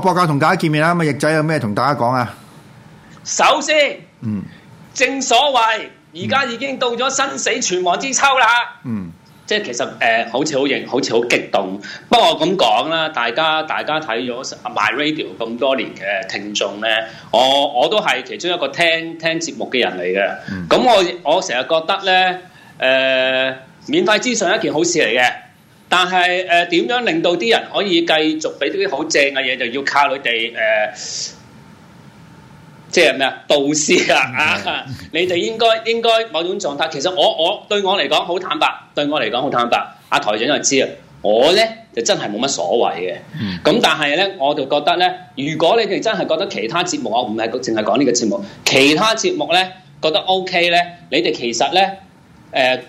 博格同大家見面啦，咁啊，翼仔有咩同大家講啊？首先，嗯，正所謂而家已經到咗生死存亡之秋啦。嗯，即係其實誒、呃，好似好認，好似好激動。不過我咁講啦，大家大家睇咗 MyRadio 咁多年嘅聽眾咧，我我都係其中一個聽聽節目嘅人嚟嘅。咁、嗯、我我成日覺得咧，誒、呃，免費資訊係一件好事嚟嘅。但係誒點樣令到啲人可以繼續俾啲好正嘅嘢，就要靠你哋誒，即係咩啊導師啊啊！ 你哋應該應該某種狀態。其實我我對我嚟講好坦白，對我嚟講好坦白。阿、啊、台長就知啊，我呢就真係冇乜所謂嘅。咁 但係呢，我就覺得呢，如果你哋真係覺得其他節目，我唔係淨係講呢個節目，其他節目呢，覺得 O、OK、K 呢，你哋其實呢。誒、呃。呃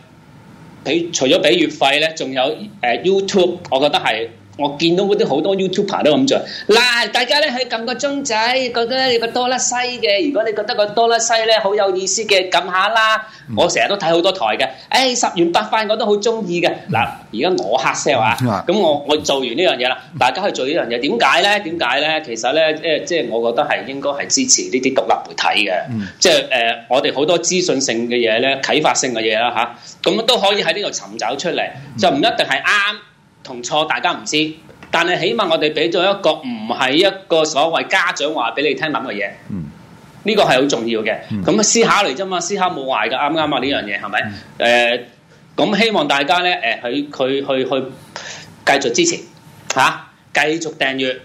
你除咗俾月費咧，仲有誒 YouTube，我覺得係。我見到嗰啲好多 YouTuber 都咁做，嗱，大家咧去撳個鐘仔，覺得你個多啦西嘅，如果你覺得個多啦西咧好有意思嘅，撳下啦。我成日都睇好多台嘅，誒、欸、十元八塊我都好中意嘅。嗱，而家我黑 sell 啊，咁我我做完呢樣嘢啦，大家去做呢樣嘢。點解咧？點解咧？其實咧，誒、呃、即係我覺得係應該係支持呢啲獨立媒體嘅，嗯、即係誒、呃、我哋好多資訊性嘅嘢咧、啟發性嘅嘢啦吓，咁、啊、都可以喺呢度尋找出嚟，就唔一定係啱。同錯大家唔知，但係起碼我哋俾咗一個唔係一個所謂家長話俾你聽咁嘅嘢，呢、嗯、個係好重要嘅。咁思考嚟啫嘛，思考冇壞噶，啱啱啊？呢、嗯呃、樣嘢係咪？誒，咁希望大家咧，誒、呃，佢佢去去繼續支持吓，繼、啊、續訂閱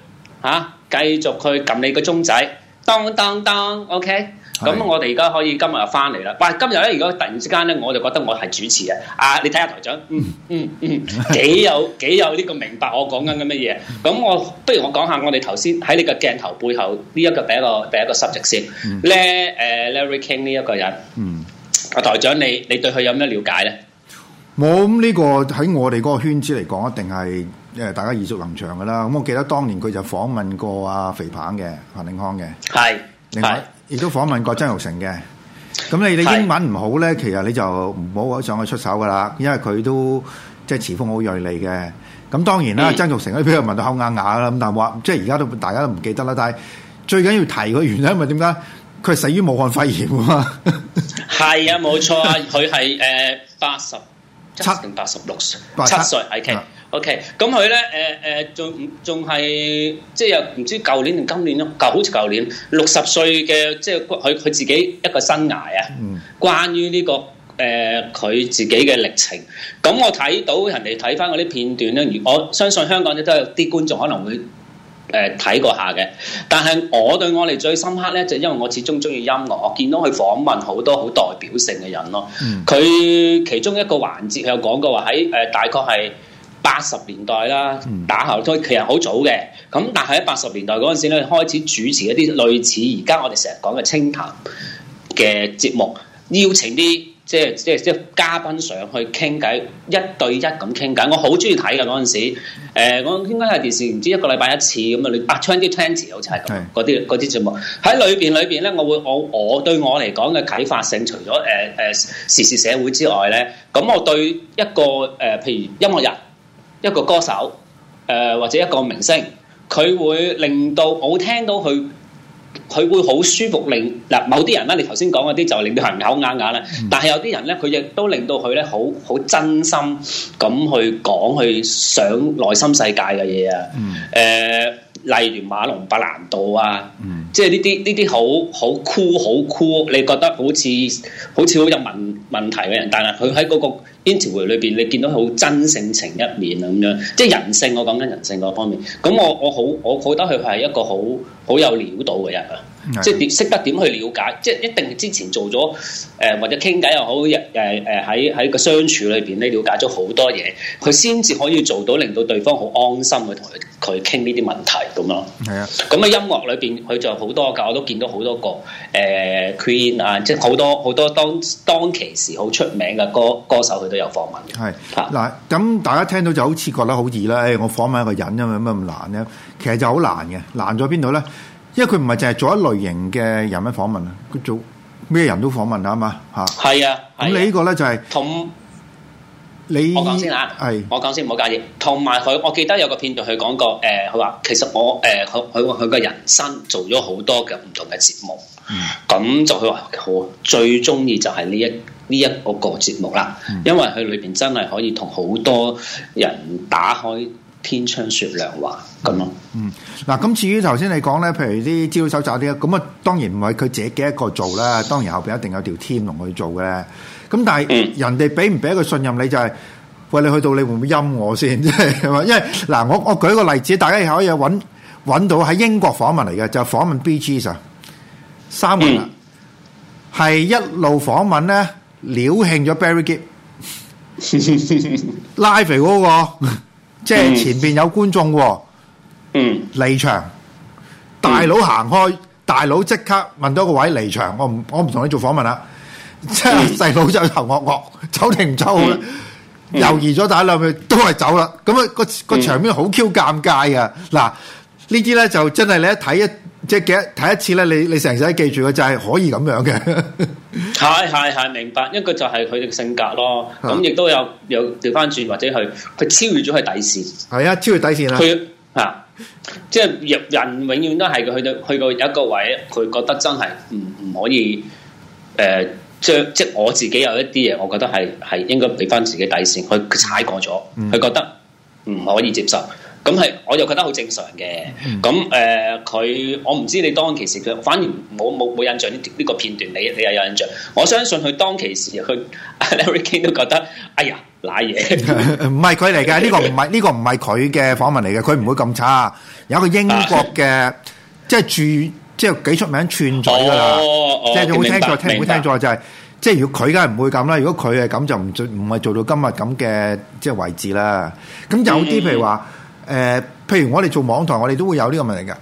吓，繼、啊、續去撳你個鐘仔，當當當，OK。咁是我哋而家可以今日又翻嚟啦。喂，今日咧如果突然之間咧，我就覺得我係主持嘅。啊，你睇下台長，嗯嗯嗯，幾、嗯、有幾有啲咁明白我講緊嘅乜嘢。咁我不如我講下我哋頭先喺呢個鏡頭背後呢一、這個第一個第一個 subject 先咧。誒、嗯呃、Larry King 呢一個人，嗯，阿台長你你對佢有咩了解咧？冇、嗯，咁、嗯、呢、這個喺我哋嗰個圈子嚟講，一定係誒大家耳熟能詳噶啦。咁我記得當年佢就訪問過阿、啊、肥彭嘅彭定康嘅，係是，另外。亦都訪問過曾鈺成嘅，咁你你英文唔好咧，其實你就唔好上去出手噶啦，因為佢都即係詞鋒好鋭利嘅。咁當然啦，曾鈺、嗯、成咧俾佢問到口啞啞啦。咁但係話即係而家都大家都唔記得啦。但係最緊要提個原因，因為點解佢係死於武漢肺炎啊？係啊，冇錯啊，佢係誒八十，七定八十六歲，七歲 O K O K，咁佢咧誒誒，仲仲係即係又唔知舊年定今年咯？舊好似舊年六十歲嘅，即係佢佢自己一個生涯啊。關於呢、這個誒佢、呃、自己嘅歷程，咁我睇到人哋睇翻嗰啲片段咧，我相信香港亦都有啲觀眾可能會。誒睇、呃、過下嘅，但係我對我哋最深刻咧，就是、因為我始終中意音樂，我見到佢訪問好多好代表性嘅人咯。佢、嗯、其中一個環節，佢有講過話喺誒大概係八十年代啦，嗯、打後其實好早嘅。咁但係喺八十年代嗰陣時咧，開始主持一啲類似而家我哋成日講嘅清談嘅節目，邀請啲。即係即係即係嘉賓上去傾偈，一對一咁傾偈，我好中意睇嘅嗰陣時。呃、我應該係電視唔知一個禮拜一次咁啊？你、呃《Twenty Twenty》好似係嗰啲嗰啲節目喺裏邊裏邊咧，我會我我對我嚟講嘅啟發性，除咗誒誒時事社會之外咧，咁我對一個誒、呃、譬如音樂人一個歌手誒、呃、或者一個明星，佢會令到我聽到佢。佢會好舒服令嗱，某啲人咧，你頭先講嗰啲就令到人口啞啞啦。嗯、但係有啲人咧，佢亦都令到佢咧好好真心咁去講，去想內心世界嘅嘢啊。誒、嗯呃。例如馬龍·白蘭度啊，嗯、即係呢啲呢啲好好酷好酷，好 cool，好 cool，你覺得好似好似好有問問題嘅人，但係佢喺嗰個 interview 裏邊，你見到佢好真性情一面啊咁樣，即係人性我講緊人性嗰方面，咁我我好我覺得佢係一個好好有料到嘅人啊。即係點識得點去了解，即係一定之前做咗誒或者傾偈又好，誒誒喺喺個相處裏邊咧了解咗好多嘢，佢先至可以做到令到對方好安心去同佢傾呢啲問題咁咯。係啊，咁喺音樂裏邊佢就好多噶，我都見到好多個誒 Queen 啊，即係好多好多當當其時好出名嘅歌歌手，佢都有訪問。係嗱，咁大家聽到就好似覺得好易啦，誒我訪問一個人因為有咩咁難咧？其實就好難嘅，難在邊度咧？因為佢唔係淨係做一類型嘅人物訪問，訪問啊，佢做咩人都訪問啊嘛，吓。係啊。咁你個呢個咧就係、是、同你我講先吓，係是我講先，唔好介意。同埋佢，我記得有個片段佢講過，誒、呃，佢話其實我誒，佢佢佢個人生做咗好多嘅唔同嘅節目，咁、嗯、就佢話我最中意就係呢一呢一個節目啦，因為佢裏邊真係可以同好多人打開。天窗說亮話咁咯，嗯，嗱，咁至於頭先你講咧，譬如啲資料搜集啲咁啊，當然唔係佢自己一個做啦，當然後邊一定有條天龍去做嘅咧。咁但係人哋俾唔俾一個信任你，就係，喂你去到你會唔會陰我先，係嘛？因為嗱，我我舉個例子，大家亦可以揾揾到喺英國訪問嚟嘅，就訪問 B G 上三個人，係一路訪問咧，撩興咗 Barry Gibb 拉肥嗰個。即係前面有觀眾喎、哦，離、嗯、場，大佬行開，大佬即刻問到個位離場，我唔我唔同你做訪問啦。嗯、即係細佬就頭惡惡，走定唔走好啦，猶豫咗大兩秒都係走啦。咁啊、那個個場面好 Q 尷尬嘅。嗱呢啲咧就真係你一睇一即係幾一睇一次咧，你你成世記住嘅就係可以咁樣嘅。 係係係明白，一個就係佢嘅性格咯，咁亦都有有調翻轉，或者佢佢超越咗佢底線。係啊，超越底線啦。佢啊，即係若人永遠都係去到去到一個位，佢覺得真係唔唔可以誒，即、呃、即我自己有一啲嘢，我覺得係係應該俾翻自己底線，佢踩過咗，佢覺得唔可以接受。咁係，我又覺得好正常嘅。咁誒、嗯，佢、呃、我唔知你當其時，佢反而冇冇冇印象呢呢、呢個片段。你你又有印象？我相信佢當其時，佢 Larry King 都覺得，哎呀，賴嘢，唔係佢嚟嘅，呢、呢個唔係呢個唔係佢嘅訪問嚟嘅。佢唔會咁差。有一個英國嘅，即係 住，即係幾出名，串嘴㗎啦。即係好聽錯，白聽唔會白聽錯就係、是就是，即係如果佢梗係唔會咁啦。如果佢係咁，就唔做，唔係做到今日咁嘅即係位置啦。咁有啲譬如話。 誒、呃，譬如我哋做網台，我哋都會有呢個問題㗎。誒、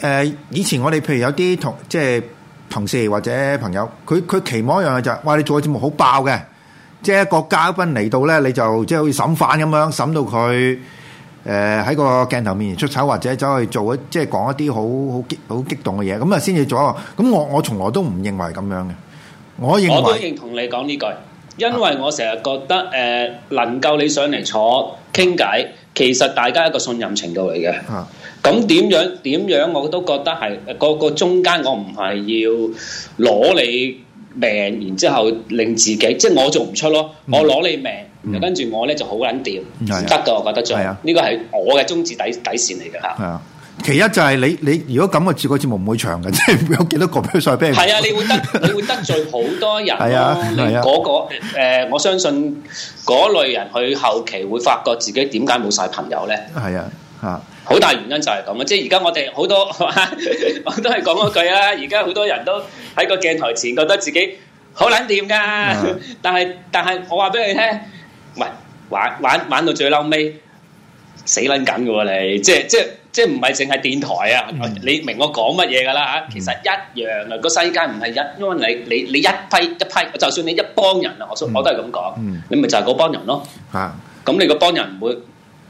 呃，以前我哋譬如有啲同即係同事或者朋友，佢佢期望一樣嘅就係、是，哇！你做嘅節目好爆嘅，即係個嘉賓嚟到咧，你就即係好似審犯咁樣審到佢誒喺個鏡頭面前出醜，或者走去做即一即係講一啲好好激好激動嘅嘢，咁啊先至做一個。咁我我從來都唔認為咁樣嘅，我認為我都認同你講呢句，因為我成日覺得誒、呃，能夠你上嚟坐傾偈。其實大家一個信任程度嚟嘅，咁點、啊、樣點樣，樣我都覺得係個、那個中間我，我唔係要攞你命，嗯、然之後令自己即係我做唔出咯。我攞你命，跟住我咧就好撚掂，唔得噶，我覺得就係、是、呢、啊、個係我嘅宗旨底底線嚟嘅嚇。啊其一就係你你如果咁嘅自己嘅節目唔會長嘅，即係有幾多個比賽俾係啊！你會得你會得罪好多人係啊！係嗰、啊那個誒、呃，我相信嗰類人佢後期會發覺自己點解冇晒朋友咧？係啊吓，好、啊、大原因就係咁啊。即係而家我哋好多， 我都係講嗰句啊。而家好多人都喺個鏡台前，覺得自己好捻掂噶，但係但係我話俾你聽，喂，玩玩玩到最嬲尾死捻緊嘅喎你，即係即係。即即即係唔係淨係電台啊？嗯、你明我講乜嘢噶啦嚇？嗯、其實一樣啊！個世界唔係一，因為你你你一批一批，就算你一幫人啊，嗯、我我都係咁講，嗯、你咪就係嗰幫人咯嚇。咁、啊、你嗰幫人唔會，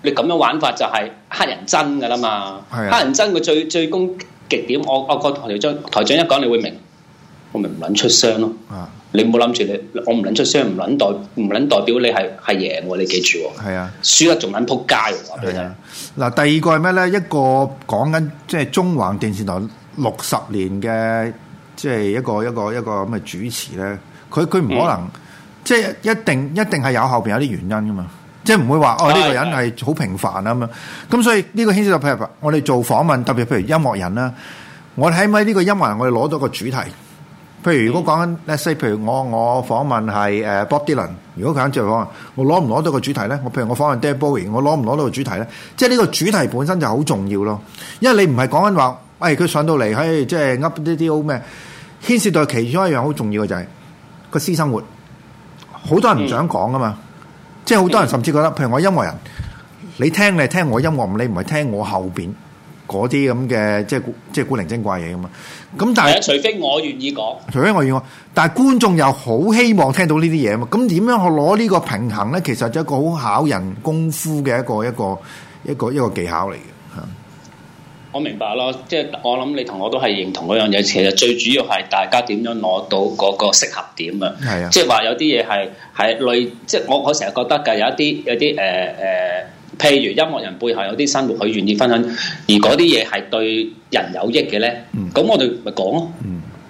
你咁樣玩法就係黑人憎噶啦嘛。啊、黑人憎佢最最攻極點，我我個台長台長一講，你會明，我咪唔撚出聲咯。啊你冇諗住你，我唔捻出聲，唔捻代，唔捻代表你係係贏喎，你記住。係啊，輸得仲捻撲街。係啊，嗱，第二個係咩咧？一個講緊即係中環電視台六十年嘅，即係一個一個一個咁嘅主持咧。佢佢唔可能，嗯、即係一定一定係有後邊有啲原因噶嘛。即係唔會話哦呢個人係好平凡啊嘛。咁所以呢個 research paper，我哋做訪問，特別譬如音樂人啦，我哋喺咪呢個音樂人，我哋攞到個主題。譬如如果講緊 let's say 譬如我我訪問係誒 Bob Dylan，如果佢咁即係講，我攞唔攞到個主題咧？我譬如我訪問 David Bowie，我攞唔攞到個主題咧？即係呢個主題本身就好重要咯，因為你唔係講緊話，誒、哎、佢上到嚟，嘿、哎，即係噏啲啲好咩？牽涉到其中一樣好重要嘅就係、是、個私生活，好多人唔想講啊嘛，嗯、即係好多人甚至覺得，譬如我音樂人，你聽你係聽我音樂，你唔係聽我後邊。嗰啲咁嘅即係即係古靈精怪嘢咁嘛，咁但係除非我願意講，除非我願意講，但係觀眾又好希望聽到呢啲嘢嘛！咁點樣我攞呢個平衡咧？其實就一個好考人功夫嘅一個一個一個一個技巧嚟嘅嚇。我明白咯，即係我諗你同我都係認同嗰樣嘢。其實最主要係大家點樣攞到嗰個適合點啊？係啊，即係話有啲嘢係係類，即係我我成日覺得嘅有一啲有啲誒誒。譬如音樂人背後有啲生活，佢願意分享，而嗰啲嘢係對人有益嘅咧，咁、嗯、我哋咪講咯，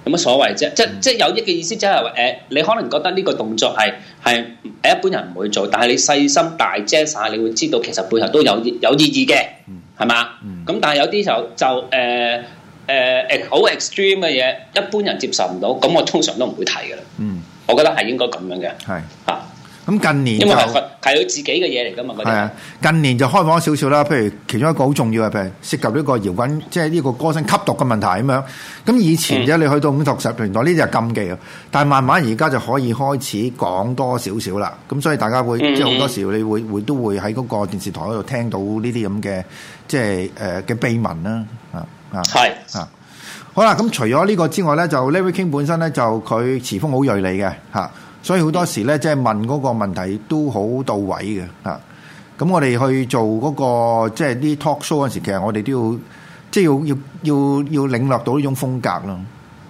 有乜、嗯、所謂啫？嗯、即即有益嘅意思、就係，即係誒，你可能覺得呢個動作係係一般人唔會做，但係你細心大遮下，你會知道其實背後都有有意義嘅，係嘛？咁、嗯、但係有啲時候就誒誒誒好、呃呃、extreme 嘅嘢，一般人接受唔到，咁我通常都唔會睇㗎啦。嗯，我覺得係應該咁樣嘅，係啊的。嗯。咁近年就係佢自己嘅嘢嚟噶嘛？係啊，近年就開放咗少少啦。譬如其中一個好重要嘅，譬如涉及呢個搖滾，即係呢個歌星吸毒嘅問題咁樣。咁以前啫，你去到五十年代呢啲係禁忌嘅。但係慢慢而家就可以開始講多少少啦。咁所以大家會，即係好多時，你會會都會喺嗰個電視台嗰度聽到呢啲咁嘅，即係誒嘅秘聞啦。啊啊，係是啊。好啦、啊，咁、嗯、除咗呢個之外咧，就 Larry King 本身咧，就佢詞風好銳利嘅嚇。啊啊所以好多時咧，即係問嗰個問題都好到位嘅嚇。咁、嗯、我哋去做嗰、那個即係啲 talk show 嗰時，其實我哋都要即係、就是、要要要要領略到呢種風格咯。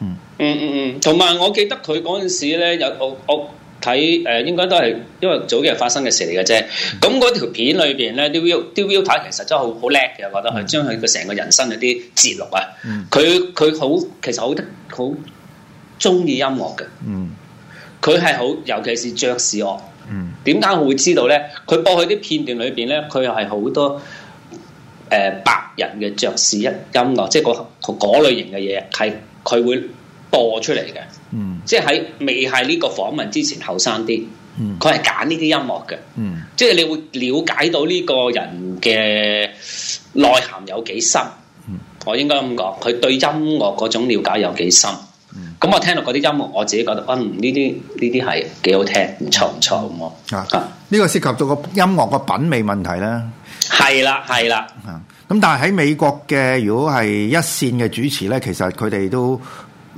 嗯嗯嗯嗯，同、嗯、埋我記得佢嗰陣時咧，有我我睇誒、呃，應該都係因為早幾日發生嘅事嚟嘅啫。咁嗰條片裏邊咧，啲 view 啲 view 睇其實真係好好叻嘅，我覺得佢將佢嘅成個人生嗰啲節錄啊。佢佢好其實好得好中意音樂嘅。嗯。佢係好，尤其是爵士樂。點解我會知道咧？佢播佢啲片段裏邊咧，佢係好多誒、呃、白人嘅爵士一音樂，即係嗰嗰類型嘅嘢，係佢會播出嚟嘅。嗯、即係喺未係呢個訪問之前，後生啲，佢係揀呢啲音樂嘅。嗯、即係你會了解到呢個人嘅內涵有幾深。嗯、我應該咁講，佢對音樂嗰種了解有幾深。咁我聽到嗰啲音樂，我自己覺得，嗯，呢啲呢啲係幾好聽，唔錯唔錯咁咯。啊，呢個涉及到個音樂個品味問題啦。係啦，係啦。啊，咁但係喺美國嘅，如果係一線嘅主持咧，其實佢哋都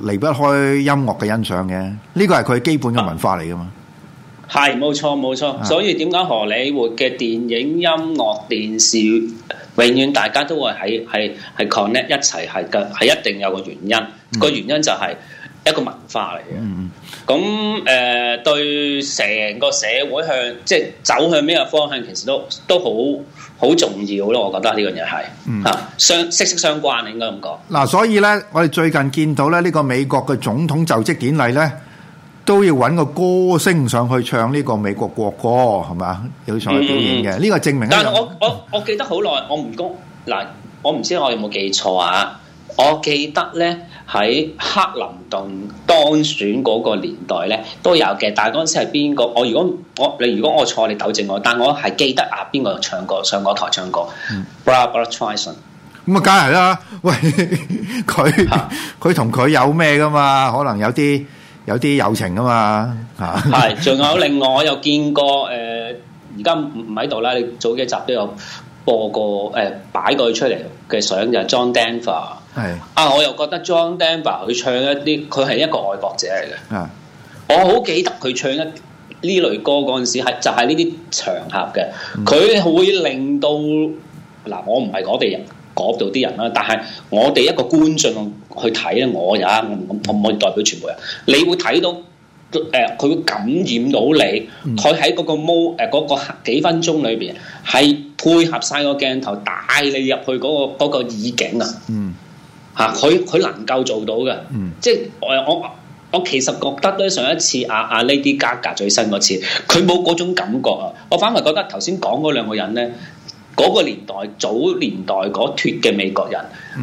離不開音樂嘅欣賞嘅。呢個係佢基本嘅文化嚟噶嘛。係冇錯冇錯，錯啊、所以點解荷里活嘅電影音樂電視，永遠大家都會喺喺喺 connect 一齊，係嘅係一定有一個原因。個、嗯、原因就係、係。一個文化嚟嘅，咁誒、嗯呃、對成個社會向，即係走向邊個方向，其實都都好好重要咯。我覺得呢樣嘢係吓相息息相關，應該咁講。嗱、嗯，所以咧，我哋最近見到咧，呢、這個美國嘅總統就職典禮咧，都要揾個歌星上去唱呢個美國國歌，係嘛，有才表演嘅。呢、這個證明、嗯。但係我我我，我記得好耐，我唔公嗱，我唔知我有冇記錯啊？我記得咧，喺克林頓當選嗰個年代咧，都有嘅，但係嗰陣時係邊個？我如果我你如果我錯，你糾正我。但我係記得啊，邊個唱過上過台唱歌、嗯、Barbra Streisand。咁啊，梗係啦。喂，佢佢同佢有咩噶嘛？可能有啲有啲友情噶嘛？嚇是。係，仲有另外我又見過誒，而家唔喺度啦。你早幾集都有。播個誒、呃、擺個出嚟嘅相就係 John Denver，係的啊，我又覺得 John Denver 佢唱一啲，佢係一個愛國者嚟嘅。的我好記得佢唱一呢類歌嗰陣時，係就係呢啲場合嘅，佢、嗯、會令到嗱，我唔係我哋人嗰度啲人啦，但係我哋一個觀眾去睇咧，我呀，我唔可以代表全部人，你會睇到。誒佢會感染到你，佢喺嗰個毛誒嗰個幾分鐘裏邊，係配合晒個鏡頭帶你入去嗰、嗰個嗰、嗰個意境啊！嗯，嚇佢佢能夠做到嘅，嗯、即係我我我其實覺得咧，上一次阿、啊、阿、啊、Lady Gaga 最新嗰次，佢冇嗰種感覺啊！我反而覺得頭先講嗰兩個人咧，嗰、嗰個年代早年代嗰脱嘅美國人，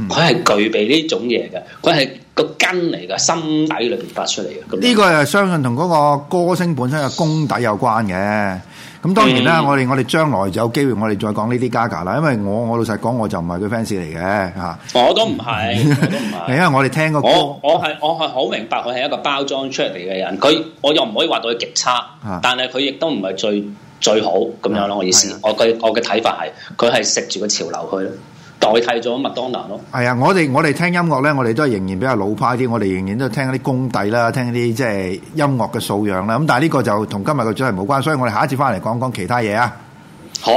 佢係、嗯、具備呢種嘢嘅，佢係。個根嚟㗎，心底裏邊發出嚟嘅。呢個係相信同嗰個歌星本身嘅功底有關嘅。咁當然啦，嗯、我哋我哋將來有機會，我哋再講呢啲 Gaga 啦。因為我我老實講，我就唔係佢 fans 嚟嘅吓。我都唔係，都唔係。係因為我哋聽個歌，我我係我係好明白佢係一個包裝出嚟嘅人。佢我又唔可以話到佢極差，但係佢亦都唔係最最好咁樣咯。啊、我意思，啊、我嘅、嗯、我嘅睇法係佢係食住個潮流去。代替咗麥當娜咯，係啊！我哋我哋聽音樂咧，我哋都係仍然比較老派啲，我哋仍然都係聽嗰啲功底啦，聽嗰啲即係音樂嘅素養啦。咁但係呢個就同今日嘅主題冇關，所以我哋下一次翻嚟講講其他嘢啊。好。